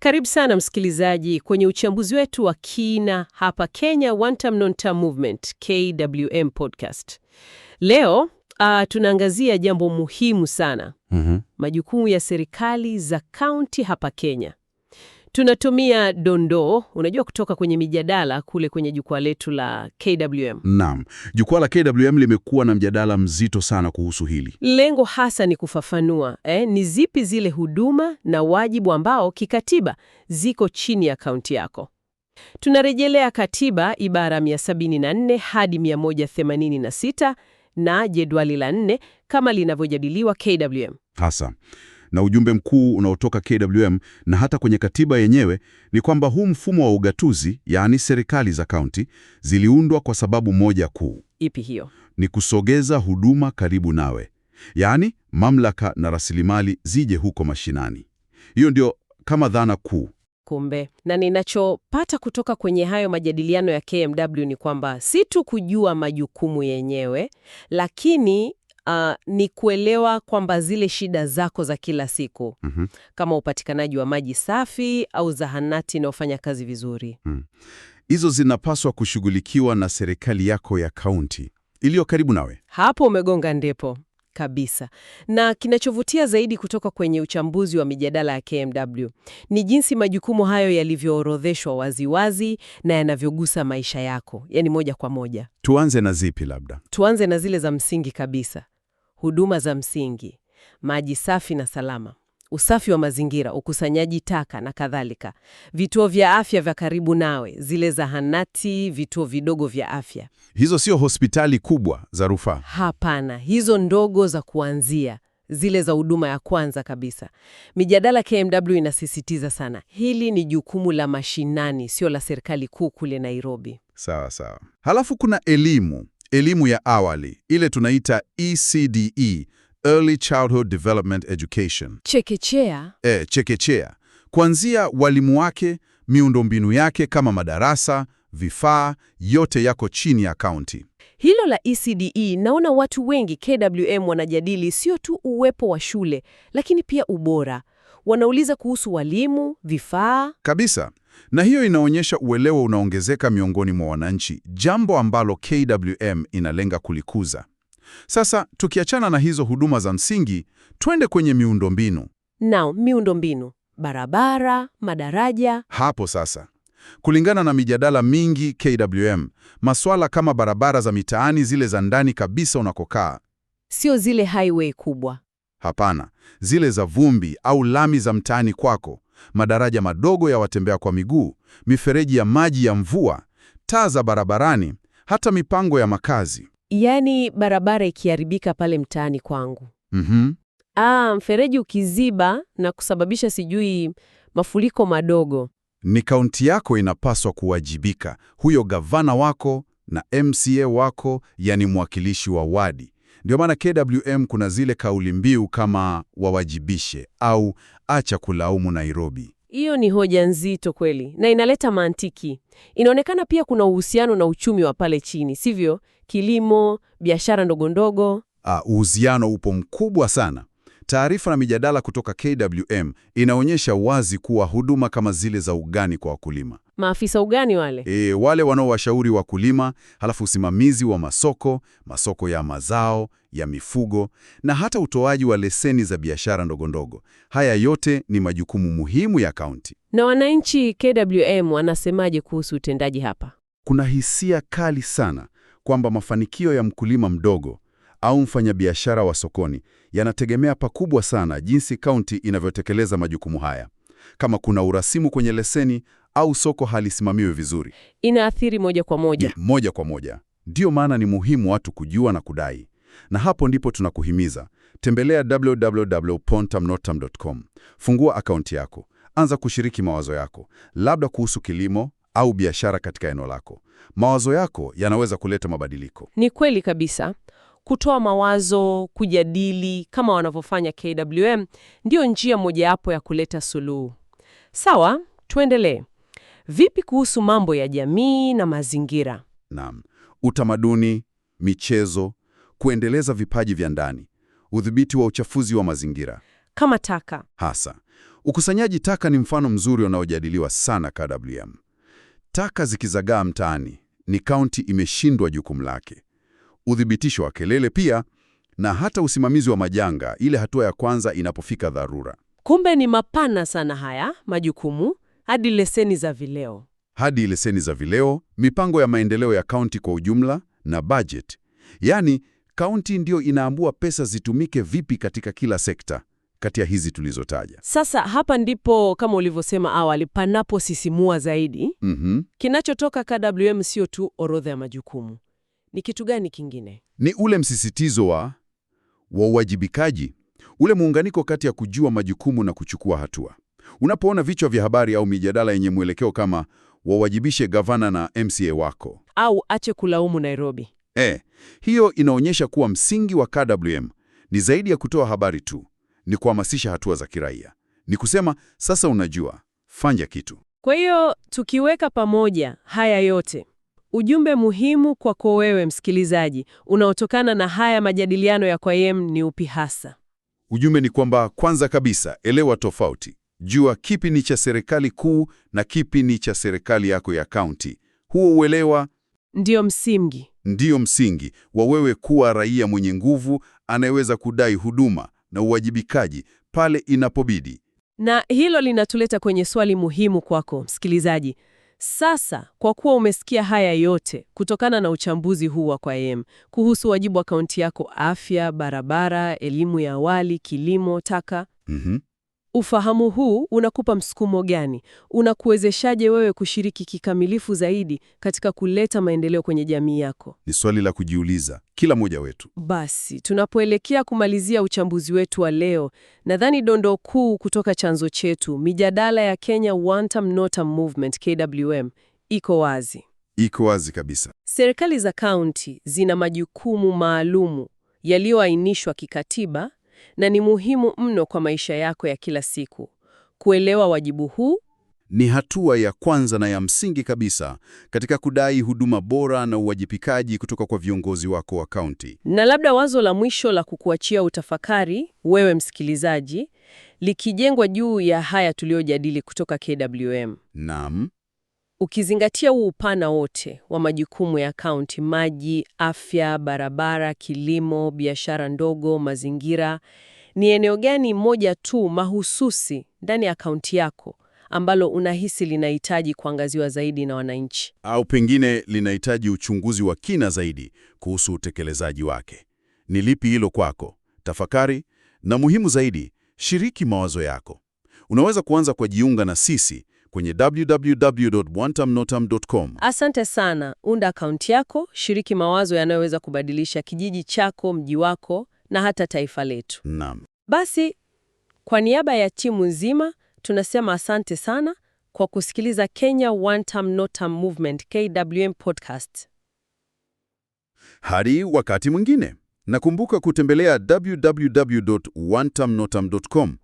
Karibu sana msikilizaji kwenye uchambuzi wetu wa kina hapa Kenya Wantam Notam Movement KWM podcast. Leo uh, tunaangazia jambo muhimu sana. Mm -hmm. Majukumu ya serikali za kaunti hapa Kenya tunatumia dondoo, unajua, kutoka kwenye mijadala kule kwenye jukwaa letu la KWM. Naam, jukwaa la KWM limekuwa na mjadala mzito sana kuhusu hili. Lengo hasa ni kufafanua eh, ni zipi zile huduma na wajibu ambao kikatiba ziko chini ya kaunti yako. Tunarejelea katiba ibara 174 hadi 186 na jedwali la 4 kama linavyojadiliwa KWM hasa na ujumbe mkuu unaotoka KWM na hata kwenye katiba yenyewe ni kwamba huu mfumo wa ugatuzi, yaani serikali za kaunti ziliundwa kwa sababu moja kuu. Ipi hiyo? Ni kusogeza huduma karibu nawe, yaani mamlaka na rasilimali zije huko mashinani. Hiyo ndio kama dhana kuu. Kumbe, na ninachopata kutoka kwenye hayo majadiliano ya KMW ni kwamba si tu kujua majukumu yenyewe, lakini uh, ni kuelewa kwamba zile shida zako za kila siku mm -hmm. kama upatikanaji wa maji safi au zahanati inayofanya kazi vizuri hmm. hizo mm. zinapaswa kushughulikiwa na serikali yako ya kaunti iliyo karibu nawe. Hapo umegonga ndipo kabisa. Na kinachovutia zaidi kutoka kwenye uchambuzi wa mijadala ya KMW ni jinsi majukumu hayo yalivyoorodheshwa waziwazi na yanavyogusa maisha yako, yani moja kwa moja. Tuanze na zipi? Labda tuanze na zile za msingi kabisa, huduma za msingi, maji safi na salama usafi wa mazingira, ukusanyaji taka na kadhalika, vituo vya afya vya karibu nawe, zile zahanati, vituo vidogo vya afya. Hizo sio hospitali kubwa za rufaa, hapana, hizo ndogo za kuanzia zile za huduma ya kwanza kabisa. Mijadala KMW inasisitiza sana hili ni jukumu la mashinani, sio la serikali kuu kule Nairobi. Sawa sawa. Halafu kuna elimu, elimu ya awali ile tunaita ECDE Early Childhood Development Education, chekechea, eh, chekechea, kuanzia walimu wake, miundombinu yake kama madarasa, vifaa, yote yako chini ya kaunti. Hilo la ECDE e, naona watu wengi KWM wanajadili sio tu uwepo wa shule, lakini pia ubora. Wanauliza kuhusu walimu, vifaa kabisa, na hiyo inaonyesha uelewa unaongezeka miongoni mwa wananchi, jambo ambalo KWM inalenga kulikuza. Sasa tukiachana na hizo huduma za msingi, twende kwenye miundombinu. miundo miundombinu, barabara, madaraja. Hapo sasa kulingana na mijadala mingi KWM, masuala kama barabara za mitaani, zile za ndani kabisa unakokaa, sio zile highway kubwa. Hapana, zile za vumbi au lami za mtaani kwako, madaraja madogo ya watembea kwa miguu, mifereji ya maji ya mvua, taa za barabarani, hata mipango ya makazi yani barabara ikiharibika pale mtaani kwangu. mm -hmm. Ah, mfereji ukiziba na kusababisha sijui mafuriko madogo. Ni kaunti yako inapaswa kuwajibika, huyo gavana wako na MCA wako, yani mwakilishi wa wadi. Ndio maana KWM kuna zile kauli mbiu kama wawajibishe au acha kulaumu Nairobi. Hiyo ni hoja nzito kweli na inaleta mantiki. Inaonekana pia kuna uhusiano na uchumi wa pale chini, sivyo? kilimo, biashara ndogo ndogo. Ah, uhusiano upo mkubwa sana. Taarifa na mijadala kutoka KWM inaonyesha wazi kuwa huduma kama zile za ugani kwa wakulima, maafisa ugani wale e, wale wanaowashauri wakulima, halafu usimamizi wa masoko, masoko ya mazao ya mifugo na hata utoaji wa leseni za biashara ndogondogo. Haya yote ni majukumu muhimu ya kaunti. Na wananchi KWM wanasemaje kuhusu utendaji hapa? Kuna hisia kali sana kwamba mafanikio ya mkulima mdogo au mfanyabiashara wa sokoni yanategemea pakubwa sana jinsi kaunti inavyotekeleza majukumu haya. Kama kuna urasimu kwenye leseni au soko halisimamiwe vizuri, inaathiri moja kwa moja. Ni, moja kwa moja. Ndiyo maana ni muhimu watu kujua na kudai, na hapo ndipo tunakuhimiza tembelea www.pontamnotam.com, fungua akaunti yako, anza kushiriki mawazo yako, labda kuhusu kilimo, au biashara katika eneo lako. Mawazo yako yanaweza kuleta mabadiliko. Ni kweli kabisa. Kutoa mawazo, kujadili kama wanavyofanya KWM ndiyo njia mojawapo ya kuleta suluhu. Sawa, tuendelee. Vipi kuhusu mambo ya jamii na mazingira? Naam, utamaduni, michezo, kuendeleza vipaji vya ndani, udhibiti wa uchafuzi wa mazingira kama taka hasa. Ukusanyaji taka ni mfano mzuri unaojadiliwa sana KWM. Taka zikizagaa mtaani, ni kaunti imeshindwa jukumu lake. Udhibitisho wa kelele pia, na hata usimamizi wa majanga, ile hatua ya kwanza inapofika dharura. Kumbe ni mapana sana haya majukumu, hadi leseni za vileo, hadi leseni za vileo, mipango ya maendeleo ya kaunti kwa ujumla na budget. Yaani, kaunti ndiyo inaambua pesa zitumike vipi katika kila sekta kati ya hizi tulizotaja. Sasa hapa ndipo kama ulivyosema awali panaposisimua zaidi. mm -hmm. Kinachotoka KWM sio tu orodha ya majukumu, ni kitu gani kingine? Ni ule msisitizo wa wa uwajibikaji, ule muunganiko kati ya kujua majukumu na kuchukua hatua. Unapoona vichwa vya habari au mijadala yenye mwelekeo kama wawajibishe gavana na MCA wako au ache kulaumu Nairobi, e, hiyo inaonyesha kuwa msingi wa KWM ni zaidi ya kutoa habari tu ni kuhamasisha hatua za kiraia, ni kusema sasa unajua, fanya kitu. Kwa hiyo tukiweka pamoja haya yote, ujumbe muhimu kwako wewe msikilizaji unaotokana na haya majadiliano ya YEM ni upi hasa? Ujumbe ni kwamba kwanza kabisa, elewa tofauti. Jua kipi ni cha serikali kuu na kipi ni cha serikali yako ya kaunti. Huo uelewa ndio msingi, ndio msingi wa wewe kuwa raia mwenye nguvu anayeweza kudai huduma na uwajibikaji pale inapobidi. Na hilo linatuleta kwenye swali muhimu kwako msikilizaji. Sasa, kwa kuwa umesikia haya yote kutokana na uchambuzi huu wa Kwaem kuhusu wajibu wa kaunti yako, afya, barabara, elimu ya awali, kilimo, taka, mm -hmm. Ufahamu huu unakupa msukumo gani? Unakuwezeshaje wewe kushiriki kikamilifu zaidi katika kuleta maendeleo kwenye jamii yako? Ni swali la kujiuliza kila mmoja wetu. Basi tunapoelekea kumalizia uchambuzi wetu wa leo, nadhani dondoo kuu kutoka chanzo chetu, mijadala ya Kenya Wantam Notam Movement KWM, iko wazi, iko wazi kabisa. Serikali za kaunti zina majukumu maalumu yaliyoainishwa kikatiba na ni muhimu mno kwa maisha yako ya kila siku. Kuelewa wajibu huu ni hatua ya kwanza na ya msingi kabisa katika kudai huduma bora na uwajibikaji kutoka kwa viongozi wako wa kaunti. Na labda wazo la mwisho la kukuachia utafakari wewe msikilizaji, likijengwa juu ya haya tuliyojadili kutoka KWM. Naam. Ukizingatia huu upana wote wa majukumu ya kaunti: maji, afya, barabara, kilimo, biashara ndogo, mazingira, ni eneo gani moja tu mahususi ndani ya kaunti yako ambalo unahisi linahitaji kuangaziwa zaidi na wananchi, au pengine linahitaji uchunguzi wa kina zaidi kuhusu utekelezaji wake? Ni lipi hilo kwako? Tafakari, na muhimu zaidi, shiriki mawazo yako. Unaweza kuanza kwa jiunga na sisi kwenye www.wantamnotam.com. Asante sana. Unda akaunti yako, shiriki mawazo yanayoweza kubadilisha kijiji chako, mji wako na hata taifa letu. Naam. Basi kwa niaba ya timu nzima tunasema asante sana kwa kusikiliza Kenya Wantam Notam Movement KWM podcast. Hadi wakati mwingine, nakumbuka kutembelea www.wantamnotam.com